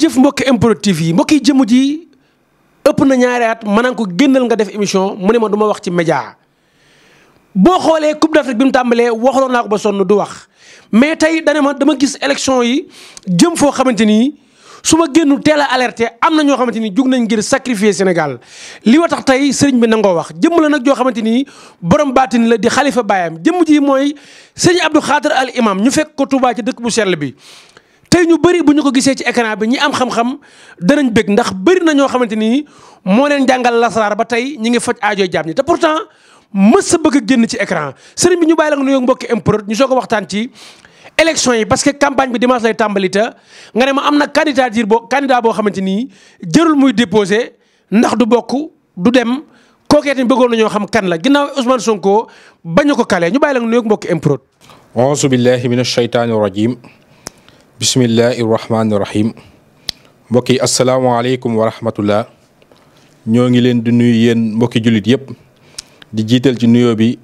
jëf mbokki MPROD TV yi mbokki jëmm ji ëpp na ñaari at maanaam ko génnal nga def émission mu ne ma duma wax ci média boo xoolee Coupe d'Afrique bi mu tàmbalee waxaloon naa ba sonn du wax mais tey dana ma dama gis élection yi jëm foo xamante ni su ma génnu teel a alerté am na ñoo xamante ni jug nañ ngir sacrifier Sénégal li wa tax tey sëriñ bi nangoo wax jëmm la nag joo xamante ni borom baatin la di xalifa baayam jëmm ji mooy sëriñ Abdou Khader al imam ñu fekk ko Touba ci dëkk bu sell bi tey ñu bëri bu ñu ko gisee ci écran bi ñi am xam-xam danañ bëgg ndax bëri na ñoo xamante ni moo leen jàngal lasaraar ba tey ñi ngi faj aajooy jaam ñi te pourtant mës a bëgg a génn ci écran sëriñ bi ñu bàyyi la nga nuyoo mbokki improd ñu soog a waxtaan ci élection yi parce que campagne bi dimanche lay tàmbali te ma am na candidature boo candidat boo xamante ni jërul muy déposé ndax du bokk du dem kookee tamit na ñoo xam kan la ginnaaw Ousmane ba bañ ko kale ñu bàyyi la nga nuyoo mbokki improd. auzu billahi minash shaytaani rajim bismillahi rahmaani rahim mbokk yi asalaamaaleykum wa rahmatullah ñoo ngi leen di nuyu yéen mbokki jullit yëpp di jiital ci nuyoo bi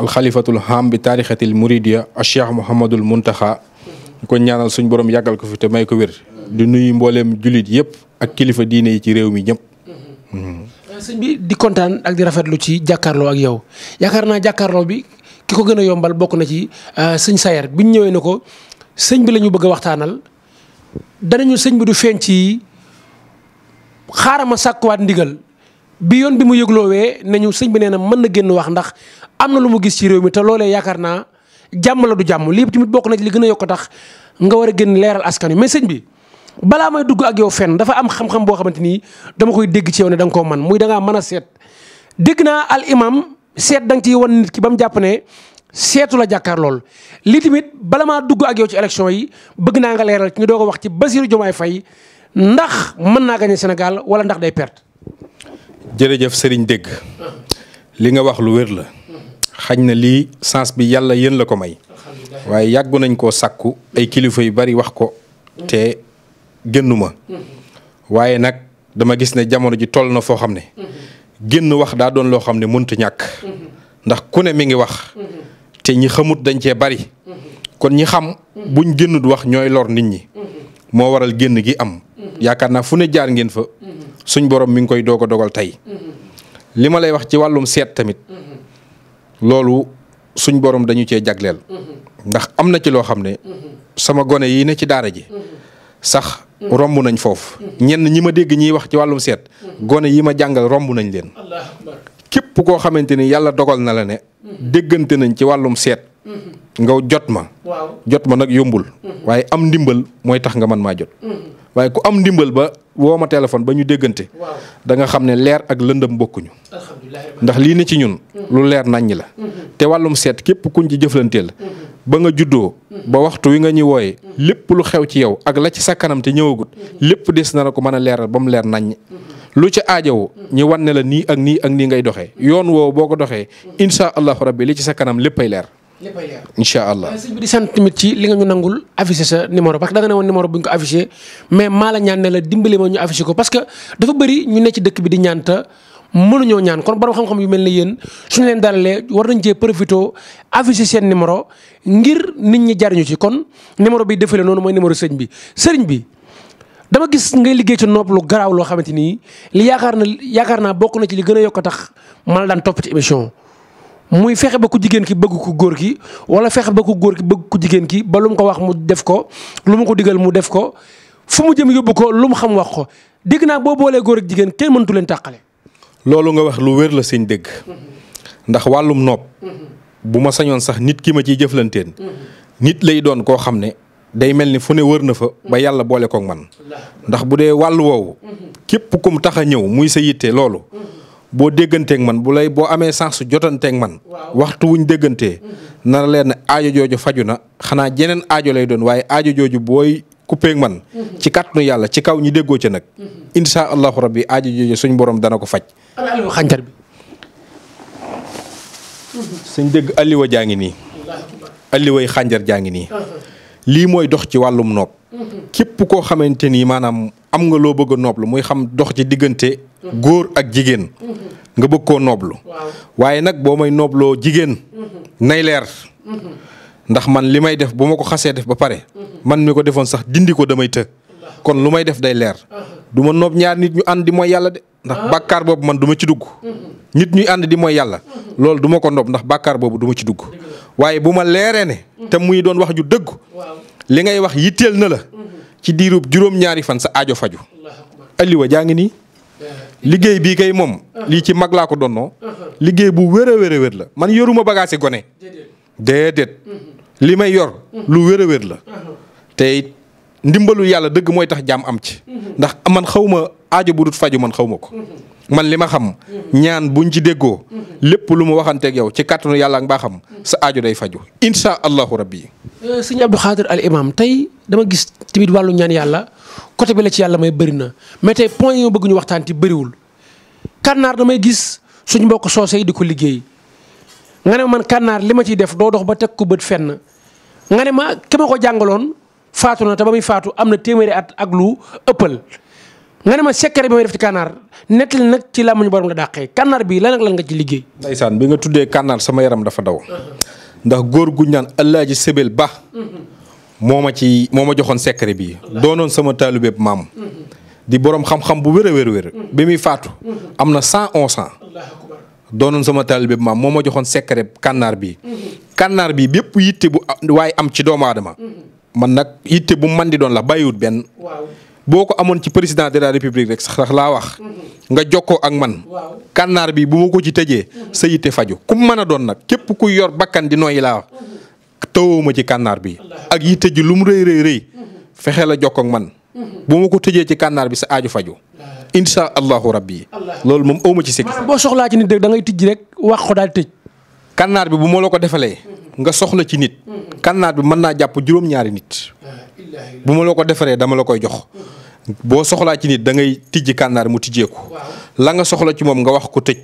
alxalifatul ham bi taarixatil muridiya a cheikh mouhamadul muntaxa ñu ko ñaanal suñ borom yàggal ko fi te may ko wér di nuyu mbooleem jullit yëpp ak kilifa diine yi ci réew mi ñëpp mm-hmm. uh, sëñ bi di kontaan ak di rafetlu ci jàkkaarloo ak yow yaakaar naa jàkkaarloo bi ki ko gën a yombal bokk na ci uh, sëñ Sayer bi ñëwee ne ko sëñ bi la ñu bëgg a waxtaanal danañu sëñ bi du feeñ ci xaaral ma sàkkuwaat ndigal bi yoon bi mu yëgloowee nañu sëñ bi nee na mën na génn wax ndax am na lu mu gis ci réew mi te loolee yaakaar naa jàmm la du jàmm lii tamit bokk na ci li gën a yokk tax nga war a génn leeral askan wi mais sëñ bi balaa may dugg ak yow fen dafa am xam-xam boo xamante ni dama koy dégg ci yow ne danga nga koo man muy da mën a seet dégg naa al seet da nga ciy wan nit ki ba mu jàpp ne seetu la jàkkaar lool li tamit bala maa dugg ak yow ci élection yi bëgg naa nga leeral ci ñu doo a wax ci Bassirou Diomaye fay ndax mën naa gagné senegal wala ndax day perte. jërëjëf sëriñ dégg li nga wax lu wér la xañ na lii sens bi yàlla yéen la ko may waaye yàggu nañ koo sàkku ay kilifa yu bari wax ko te génnuma waaye nag dama gis ne jamono ji toll na foo xam ne génn wax daa doon loo xam ne mënut ñàkk ndax ku ne mi ngi wax te ñi xamut dañ cee bari kon ñi xam buñ génnut wax ñooy lor nit ñi moo waral génn gi am yaakaar naa fu ne jaar ngeen fa suñ borom mi ngi koy doog a dogal tey li ma lay wax ci wàllum seet tamit loolu suñ borom dañu cee jagleel ndax am na ci loo xam ne sama gone yi ne ci daara ji sax romb nañ foofu ñenn ñi ma dégg ñiy wax ci wàllum seet gone yi ma jàngal romb nañ leen képp koo xamante ni yàlla dogal na la ne déggante nañ ci wàllum seet. nga jot ma. jot ma nag yombul. waaye am ndimbal mooy tax nga mën maa jot. waaye ku am ndimbal ba woo ma téléphone ba ñu déggante. da nga xam ne leer ak lëndëm bokkuñu. ndax lii ne ci ñun. lu leer naññ la. te wàllum seet képp kuñ ci la ba nga juddoo. ba waxtu wi nga ñuy wooyee. lépp lu xew ci yow ak la ci sa kanam te ñëwagut. lépp des na la ko mën a leeral ba mu leer naññ. lu ci aajowoo ñu wan ne la nii ak nii ak nii ngay doxee yoon woo boo ko doxee incha allahu rabbi li ci sa kanam léppay leer. leer incha allah. Euh, sëñ sant tamit ci li nga ñu nangul sa numéro parce que danga ne woon numéro bu ñu ko affiché mais maa la ñaan ne la dimbali ma ñu affiché ko parce que dafa bari ñu ne ci dëkk bi di ñaan ta mënuñoo ñaan kon borom xam-xam yu mel ne yéen suñu leen dalalee war nañ cee profité affiché seen numéro ngir nit ñi jariñu ci kon numéro bi defale noonu mooy numéro sëñ bi sëriñ bi dama gis ngay liggéey ci nopp lu garaaw loo xamante ni li yaakaar na yaakaar naa bokk na ci li gën a yokk a tax ma la daan topp ci émission muy fexe ba ku jigéen ki bëgg ku góor ki wala fexe ba ku góor bëgg ku jigéen ki ba lu mu ko wax mu def ko lu mu ko digal mu def ko fu mu jëm yóbbu ko lu mu xam wax ko dégg naa boo boolee góor ak jigéen kenn mëntu leen tàqale. loolu nga wax lu wér la sëñ dégg ndax wàllum nopp bu ma sañoon sax nit ki ma ciy jëflanteen mm-hmm. nit lay doon koo xam ne day mel ni fu ne wër na fa ba yàlla boole koog man ndax bu dee wàll woowu képp kum tax a ñëw muy sa yitte loolu boo dégganteek man bu lay boo amee sens su jotanteeg man waxtu wuñ déggantee nara leen aajo jooju faju na xanaa jeneen aajo lay doon waaye aajo jooju booy kuppeeg man ci kàttanu yàlla ci kaw ñi déggoo ca nag insha allahu rabbi aajo jooju suñ borom dana ko faj xànjar bi suñ dégg alliwa jaa ngi nii alliway xànjar jaa ngi nii lii mooy dox ci wàllum noob mhm. képp koo xamante ni maanaam am nga loo bëgg nooblu muy xam dox ci diggante mhm. góor ak jigéen mhm. nga bëgg koo nooblu waaye nag boo may noobloo jigéen nay leer ndax man li may def bu ma ko xasee def ba pare man mi ko defoon sax dindi ko damay të kon lu may def day leer uh-huh. du ma noob ñaar nit ñu ànd di mooy yàlla de ndax uh-huh. bàkkaar boobu man du ci dugg nit ñuy ànd di mooy yàlla loolu du ma ko noob ndax bàkkaar boobu duma ci dugg waaye bu ma leeree ne. te muy doon wax ju dëgg. li ngay wax yitteel na la. Mhm. ci diirub juróom-ñaari fan sa aajo faju alliwa jaa ngi nii. liggéey bi kay moom. Uh-huh. lii ci mag laa ko donnoo. Uh-huh. liggéey bu wér a wér a la man yoruma bagage gone. déedéet mhm. li may yor mhm. lu wér a wér la. Uh-huh. te ndimbalu yàlla dëgg mooy tax jàmm am ci. ndax man xawma ma aajo bu dut faju man xaw ma ko. man li ma xam ñaan buñ ci déggoo lépp lu mu waxanteeg yow ci kàttanu yàlla ak mbaaxam sa ajo day faju insha allahu rabbi yi euh, sëñ Abdou Khadir al imam tey dama gis tamit wàllu ñaan yàlla côté bi la ci yàlla may bëri na mais tey point yi ma bëgg ñu waxtaan ci bëriwul kànnaar damay gis suñ mbokk soose yi di ko liggéey nga ne man kànnaar li ma ciy def doo dox ba teg ko bët fenn nga ne ma ki ma ko jàngaloon faatu na te ba muy faatu am na téeméeri at ak lu ëppal nga ne ma secret bi may def ci kànnaar nettali nag ci làmmiñu borom la dàqee kànnaar bii lan ak nga ci liggéey. ndeysaan bi nga tuddee kànnaar sama yaram dafa daw. ndax góor gu ñaan Alaaji Sëbel Ba. moo ma ci moo ma joxoon secret bi doonoon sama taalibeeb maam. di borom xam bu wér wér wér bi muy faatu am na cent onze ans doonoon sama taalibeeb maam moo ma joxoon secret kànnaar bi kànnaar bi bépp yitte bu waaye am ci doomu aadama man nag yitte bu man di doon la bàyyiwut benn. boo ko amoon ci président de la république rek sax laa wax nga jokkoo ak man kànnaar bi bu ma ko ci tëjee sa yitte faju ku mu mën a doon nag képp ku yor bakkan di nooyi laa wax ma ci kànnaar bi ak yi ji lu mu rëy rëy rëy fexe la jokkoo man bu ma ko tëjee ci kànnaar bi sa aaju faju insha allahu rabbi loolu moom awma ci sikk boo soxlaa ci nit rek da ngay tijji rek wax ko daal tëj kànnaar bi bu ma la ko defalee nga soxla ci nit kànnaar bi mën naa jàpp juróom nit bu ma la ko defaree dama la koy jox boo soxlaa ci nit da ngay tijji kànnaar mu tijjeeku la nga soxla ci moom nga wax ko tëj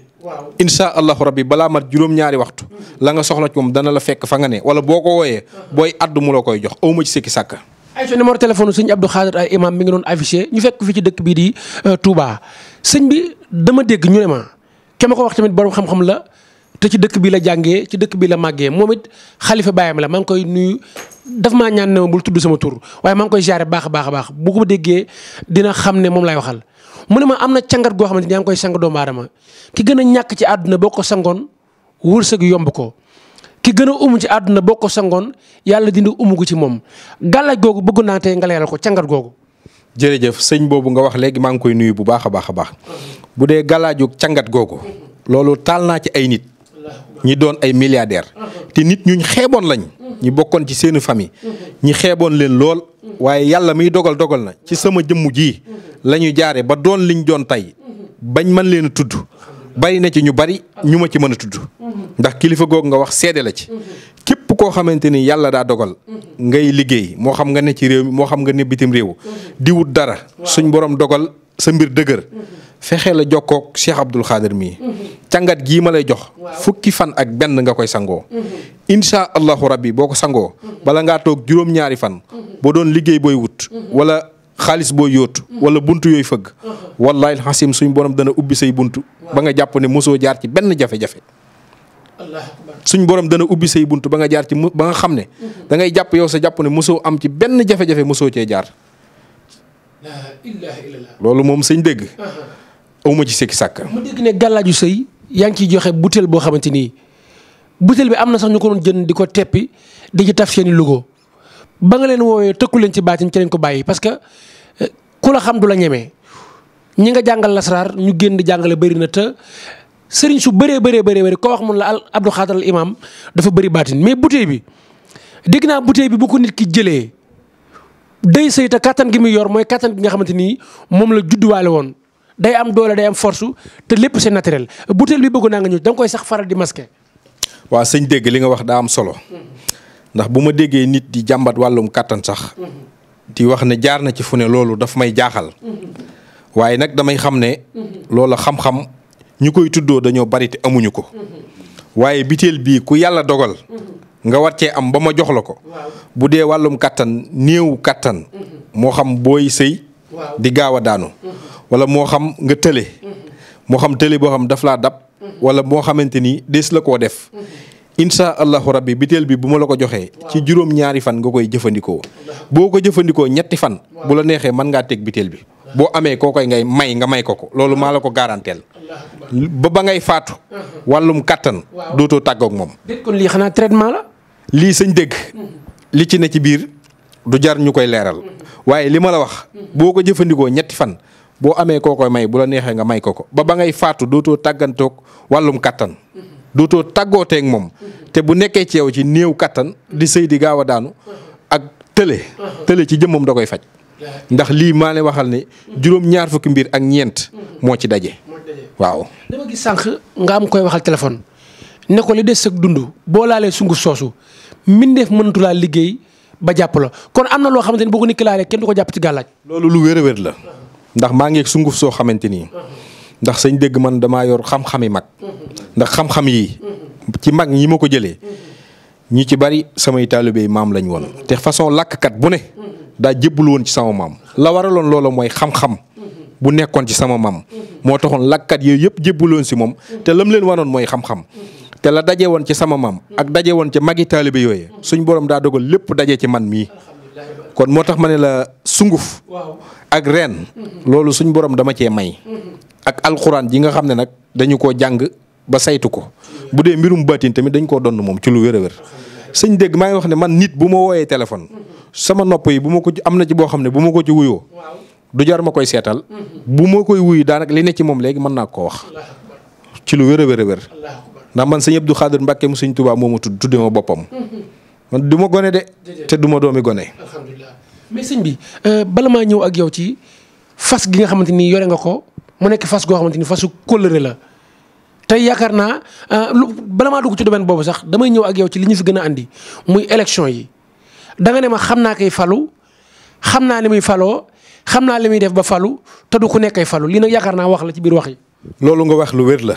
insha allahu rabbi balaa mat juróom-ñaari waxtu mm-hmm. la nga soxla ci moom dana la fekk fa nga ne wala boo ko wooyee uh-huh. booy addu mu la koy jox awma ci sëkki sàkka ay so numéro téléphone sëñ Abdou Khadir ay imam mi ngi doon affiché ñu fekk fi ci dëkk bii di euh, Touba sëñ bi dama dégg ñu ne ma ke ko wax tamit borom xam-xam la te ci dëkk bi la jàngee ci dëkk bi la màggee moom it xalifa baayam la maa ngi koy nuyu daf maa ñaan ne ma tudd sama tur waaye maa ngi koy jaare baax a baax a ko déggee dina xam ne moom lay waxal mu ne ma am na cangat goo xamante ni yaa koy sang doomu aadama ki gën a ñàkk ci àdduna boo ko sangoon wërsëg yomb ko ki gën a umu ci àdduna boo ko sangoon yàlla dindi umu ci moom gàllaj googu bëgg naa tey nga ko càngat googu jërëjëf sëñ boobu nga wax léegi maa ngi koy nuyu bu baax a baax a baax bu dee gàllaaju cangat googu loolu taal naa ci ay nit ñi doon ay milliardaires te nit ñuñ xeeboon lañ ñi bokkoon ci seeni famille ñi xeeboon leen lool waaye yàlla miy dogal dogal na ci sama jëmm ji lañuy ñu jaare ba doon liñ doon tey bañ mën leen a tudd bari na ci ñu bari ñu ma ci mën a tudd ndax kilifa googu nga wax seede la ci képp koo xamante ni yàlla daa dogal ngay liggéey moo xam nga ne ci réew mi moo xam nga ne bitim réew di wut dara suñ boroom dogal sa mbir dëgër fexee la jokkook Cheikh Abdoul Khader mii mhm. càngat gii ma lay jox fukki fan ak benn nga koy sangoo mhm. insha allahu rabbi boo ko sangoo mhm. bala ngaa toog juróom-ñaari fan boo doon liggéey booy wut wala xaalis booy yoot wala bunt yooyu fëgg wallahi xasim suñ borom dana ubbi say bunt ba nga jàpp ne mosoo jaar ci benn jafe-jafe suñ borom dana ubbi say buntu ba nga jaar ci ba nga xam ne da ngay jàpp yow sa jàpp ne mosoo am ci benn jafe-jafe mosoo cee jaar loolu moom sëñ dégg awuma ci sekki sàkk. mu dégg ne gàllaaju yaa ngi ciy joxe butéel boo xamante ni butéel bi am na sax ñu ko doon di ko teppi di ci taf seen i ba leen woowee tëkku leen ci baatin ci lañ ko bàyyi parce que eh, ku la xam du la ñemee ñi nga jàngal lasraar ñu génn jàngale bëri na te sëriñ su bëree bëree bëree bëri koo la al Abdou Khadre al imam mais butéel bi dégg naa butéel bi bu nit ki jëlee day sëy kattan gi muy yor mooy kattan gi nga xamante ni moom la judduwaale woon. day am doole day am force te lépp seen naturel butéel bi bëgg naa nga ñëw da koy sax faral di maske waa sëñ dégg li nga wax daa am solo. ndax bu ma déggee nit di jàmbat wàllum kàttan sax. di wax ne jaar na ci fu ne loolu dafa may jaaxal. waaye nag damay xam ne. loola xam-xam ñu koy tuddoo dañoo bari te amuñu ko. waaye butéel bii ku yàlla dogal. nga war cee am ba ma jox la ko. bu dee wàllum kàttan néewu kàttan. Uhuh. moo xam booy sëy. di gaaw a daanu. Uhuh. wala moo xam nga tële. Mm-hmm. moo xam tële boo xam daf laa dab. Mm-hmm. wala moo xamante ni des la koo def. Mm-hmm. incha allahu rabbi biteel bi bu ma la ko joxee. ci juróom ñaari fan nga koy jëfandikoo. boo ko jëfandikoo ñetti fan. bu la neexee man ngaa teg biteel bi. boo amee koo koy ngay may nga may ko ko loolu maa la ko garanteel. ba ba ngay faatu. Uh-huh. wàllum kàttan dootoo tàggook moom. kon lii xanaa traitement la. lii sëñ dégg. li ci ne ci biir du jar ñu koy leeral. waaye li ma la wax. boo ko jëfandikoo ñetti fan. boo amee koo koy may bu la neexee nga may ko ko ba ba ngay faatu dootoo tàggantoog wàllum kattan dootoo tàggooteeg moom te bu nekkee ci yow ci néew kattan di sëy di gaaw a daanu ak tële tële ci jëmmam da koy faj ndax lii maa ne waxal ne juróom-ñaar fukki mbir ak ñeent moo ci daje waaw dama nga am koy waxal téléphone ne ko li des ak dund boo laalee sunguf soosu mbindeef mënatu laa liggéey ba jàpp la kon am na loo xamante ni boo ko nit ki laalee kenn du ko jàpp ci gàllaaj loolu lu wér a wér la ndax maa ngi sunguf soo xamante nii ndax sañ dégg man damaa yor xam-xami mag ndax xam-xam yi ci mag ñi ma ko jëlee ñu ci bari samay taalibe maam lañ woon te façon làkkat bu ne daa jébbul woon ci sama maam la waraloon loola mooy xam-xam bu nekkoon ci sama maam moo taxoon làkkat yooyu yëpp jébbul woon si moom te lam leen wanoon mooy xam-xam te la daje woon ci sama maam ak daje woon ci magi taalibe yooyu suñ borom daa dogal lépp daje ci man mii kon moo tax ma ne la sunguf. ak reen. loolu suñ borom dama cee may. ak alxuraan ji nga xam ne nag dañu ko jàng ba saytu ko. bu dee mbirum baatin tamit dañ koo donn moom ci lu wér wér. suñ dégg maa ngi wax ne man nit bu ma wooyee téléphone. sama nopp yi bu ma ko ci am na ci boo xam ne bu ma ko ci wuyoo. du jar ma koy seetal. bu ma koy wuyu daanaka li ne ci moom léegi mën naa koo wax. ci lu wér a wér a wér. ndax man sëñ Abdou Khadir Mbacke mu sëñ Tuubaa moo ma tudd tudde ma boppam. man du ma gone de. te du ma doomi gone. alhamdulilah bi euh, bala maa ñëw ak yow ci fas gi nga xamante ni yore nga ko mu nekk fas goo xamante ni fasu kóllëre la te yaakaar naa euh, lu bala maa dugg ci domaine boobu sax damay ñëw ak yow ci li ñu fi gën a andi muy élection yi danga ne ma xam naa koy falu xam naa li muy faloo xam naa li muy def ba falu te du ku nekk ay falu lii nag yaakaar naa wax la ci biir wax yi. loolu nga wax lu wér la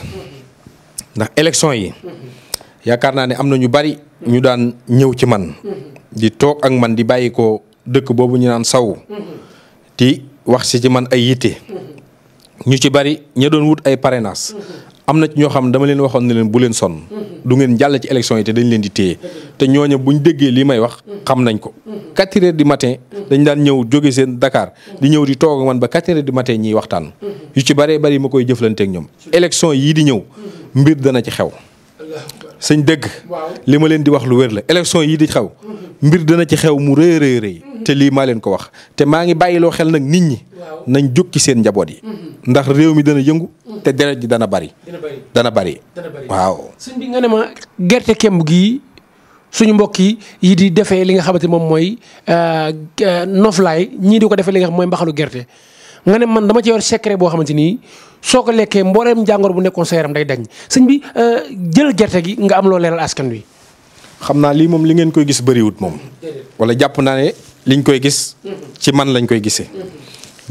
ndax élection yi. Mm-hmm. yaakaar naa ne am na ñu bari ñu daan ñëw ci man di toog ak man di bàyyi ko dëkk boobu ñu naan saw di wax si ci man ay yitte ñu ci bari ña doon wut ay parrainage am na ci ñoo xam ne dama leen waxoon ne leen bu leen sonn du ngeen jàll ci élection yi te dañ leen di téye te ñooñu buñ déggee lii may wax xam nañ ko. 4 di du matin dañ daan ñëw jóge seen dakaar di ñëw di toog man ba 4 di du matin ñiy waxtaan yu ci baree bari ma koy jëflanteeg ñoom élection yii di ñëw mbir dana ci xew. sëñ dëgg li ma leen di wax lu wér la élection yi di xew mhm. mbir dana ci xew mu rëy rëy rëy mhm. te lii maa leen ko wax te maa ngi bàyyiloo xel nag nit ñi nañ jóg ci seen njaboot yi mhm. ndax réew mi dana yëngu te deret ji dana bari dana bari waaw nga ne ma gerte kemb gi suñu mbokk yi yi di defee li nga xamante moom mooy euh, euh, noflaay ñii di ko defee li nga xam mooy mbaxalu gerte nga ne man dama ci yor secret boo xamante nii soo ko lekkee mbooleem jàngoro bu nekkoon sa yaram day dañ sëñ bi euh, jël gerte gi nga am loo askan wi. xam naa lii moom li ngeen koy gis bariwut moom. wala jàpp naa ne liñ koy gis. ci man lañ koy gisee.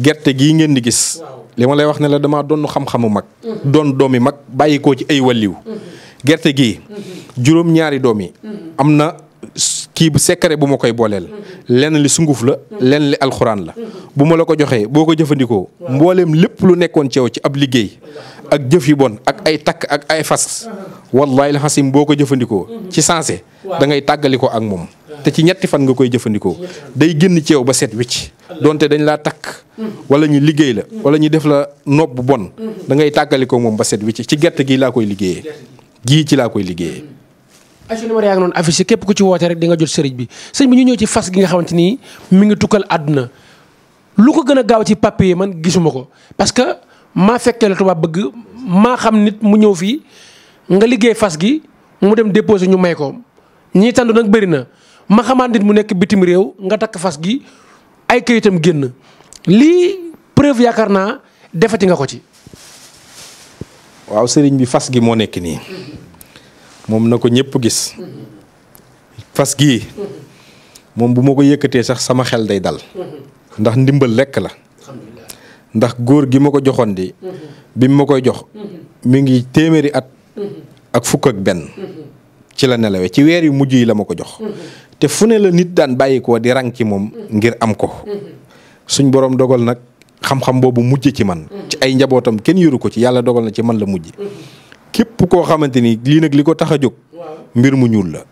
gerte gii ngeen di gis. li ma lay wax ne la damaa doon xam-xamu mag. doon doomi mag bàyyi koo ci ay walliw. gerte gii juróom-ñaari doom yi. am na kii bu sekkare bu ma koy booleel. lenn li sunguf la lenn li alxuraan la. bu ma la ko joxee boo ko jëfandikoo mbooleem lépp lu nekkoon ci yow ci ab liggéey ak jëf yi bon ak ay takk ak ay fas wallahi la xasim boo ko jëfandikoo mhm. ci sensé da ngay tàggali ko ak moom te ci ñetti fan nga koy jëfandikoo day génn ci yow ba set wicc donte dañu laa takk mhm. wala ñu liggéey la mhm. wala ñu def la nopp bu bon da ngay tàggali ko moom ba set wicc ci gerte gi laa koy liggéeyee gii ci laa koy liggéeyee asu numéro yaa ngi noonu képp ku ci woote rek di nga jot sëriñ bi sëriñ bi ñu ñëw ci fas gi nga xamante ni mi ngi tukkal àdduna lu ko gën a gaaw ci papier man gisuma ko parce que maa fekkee la tubaab bëgg maa xam nit mu ñëw fii nga liggéey fas gi mu dem déposé ñu may ko ñii tàndu nag bëri na ma xamaat nit mu nekk bitim réew nga takk fas gi ay këyitam génn lii preuve yaakaar naa defati nga ko ci. waaw sëriñ bi fas gi moo nekk nii moom na ko ñëpp gis fas gii moom bu ma ko yëkkatee sax sama xel day dal. ndax ndimbal lekk la ndax góor gi ma ko joxoon di bi ma koy jox mu ngi téeméeri at ak fukk ak benn ci la nelawee ci weer yu mujj yi la ma ko jox te fu ne la nit daan bàyyi ko di rang ci moom ngir am ko suñ borom dogal nag xam-xam boobu mujj ci man ci ay njabootam kenn yoru ko ci yàlla dogal na ci man la mujj képp koo xamante ni lii nag li ko tax a jóg mbir mu ñuul la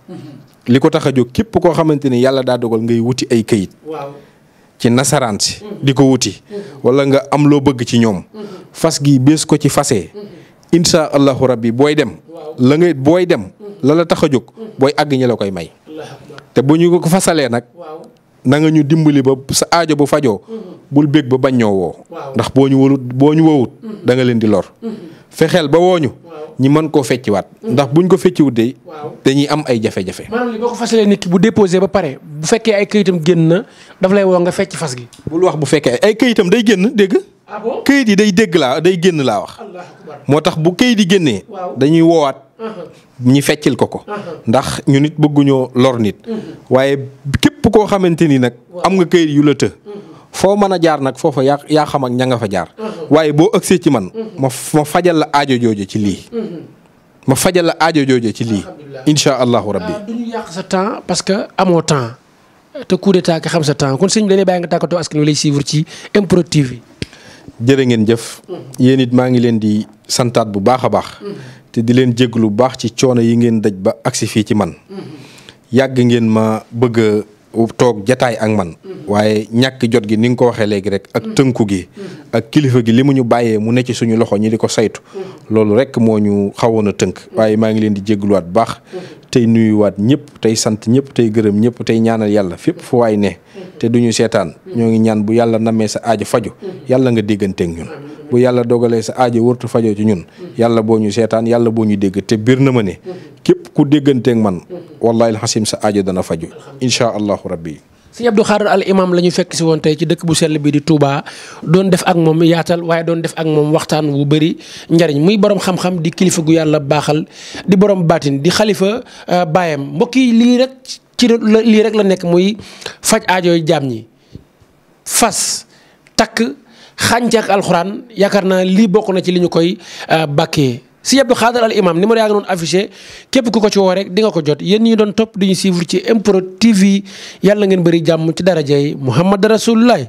li ko tax a jóg képp koo xamante ni yàlla daa dogal ngay wuti ay kayit ci nasaraan si di ko wuti wala nga am loo bëgg ci ñoom fas gi bés ko ci fasee insha allahu rabbi booy dem la ngay booy dem la la tax a jóg booy àgg ñi la koy may te bu ñu ko fasalee nag na nga ñu dimbali ba sa aajo bu fajoo mm-hmm. bul bég ba bañ ñoo woo ndax boo ñu wowut boo ñu wowut mm-hmm. da leen di lor mm-hmm. fexeel ba wooñu ñi mën koo fecciwaat mm. ndax buñ ko fecciwut de dañuy am ay jafe-jafe. maanaam boo ko fasalee nit ki bu déposé ba pare bu fekkee ay këyitam génn na daf lay woo nga fecc fas gi. bul wax bu fekkee ay këyitam day génn dégg. Ah këyit yi day dégg laa day génn laa wax. moo tax bu këyit yi génnee. dañuy woowaat. Uh-huh. ñi feccil ko ko. Uh-huh. ndax ñu nit bëgguñoo lor nit. Uh-huh. waaye képp koo xamante ni nag. am nga këyit yu la të. foo mën a jaar nag foofu yaa yaa xam ña nga fa jaar. waaye boo ëgsee ci man. ma ma fajal la ajo jooje ci lii. ma fajal la aajo jooje ci lii. incha allahu rabbi ah, du ñu temps parce que amoo temps te coup d'état ki xam sa temps kon sëñ bi dañuy bàyyi nga tàkkatoo askan wi lay suivre ci improtive yi jërë ngeen jëf. yéen it maa ngi leen di santaat bu baax a baax. te di leen jéglu bu baax ci coono yi ngeen daj ba agsi fii ci man. yàgg ngeen ma bëgg toog jataay ak man mm-hmm. waaye ñàkk jot gi ni nga ko waxee léegi rek ak mm-hmm. tënku gi mm-hmm. ak kilifa gi li mu ñu bàyyee mu ne ci suñu loxo ñi di ko saytu loolu rek moo ñu xawoon a tënk waaye maa ngi leen di jégluwaat baax tey nuyuwaat ñëpp tey sant ñëpp tey gërëm ñëpp tey ñaanal yàlla fépp fu waay ne te du ñu seetaan ñoo ngi ñaan bu yàlla nammee sa aajo faju yàlla nga dégganteeg ñun bu yàlla dogalee sa aajo wërtu fajo ci ñun yàlla boo ñu seetaan yàlla boo ñu dégg te biir na ma ne képp ku dégganteeg man wallahi alxasim sa aajo dana faju incha allahu rabbi sëñ Abdou Khadre al imam la ñu fekk si woon tey ci dëkk bu sell bi di Touba doon def ak moom yaatal waaye doon def ak moom waxtaan wu bëri njariñ muy borom xam-xam di kilifa gu yàlla baaxal di borom baatin di xalifa euh, baayam mbokk yi lii rek ci rek la nekk muy faj aajooy jaam yi fas takk xànc ak alxuraan yaakaar naa lii bokk na ci li ñu koy euh, bàkkee si Abdou Khadre al imam numéro yaa ngi doon affiché képp ku ko ci woo rek ko jot yéen ñi doon topp di ñu suivre ci MPROD TV yàlla ngeen bëri jàmm ci darajay Muhammad Rasulullah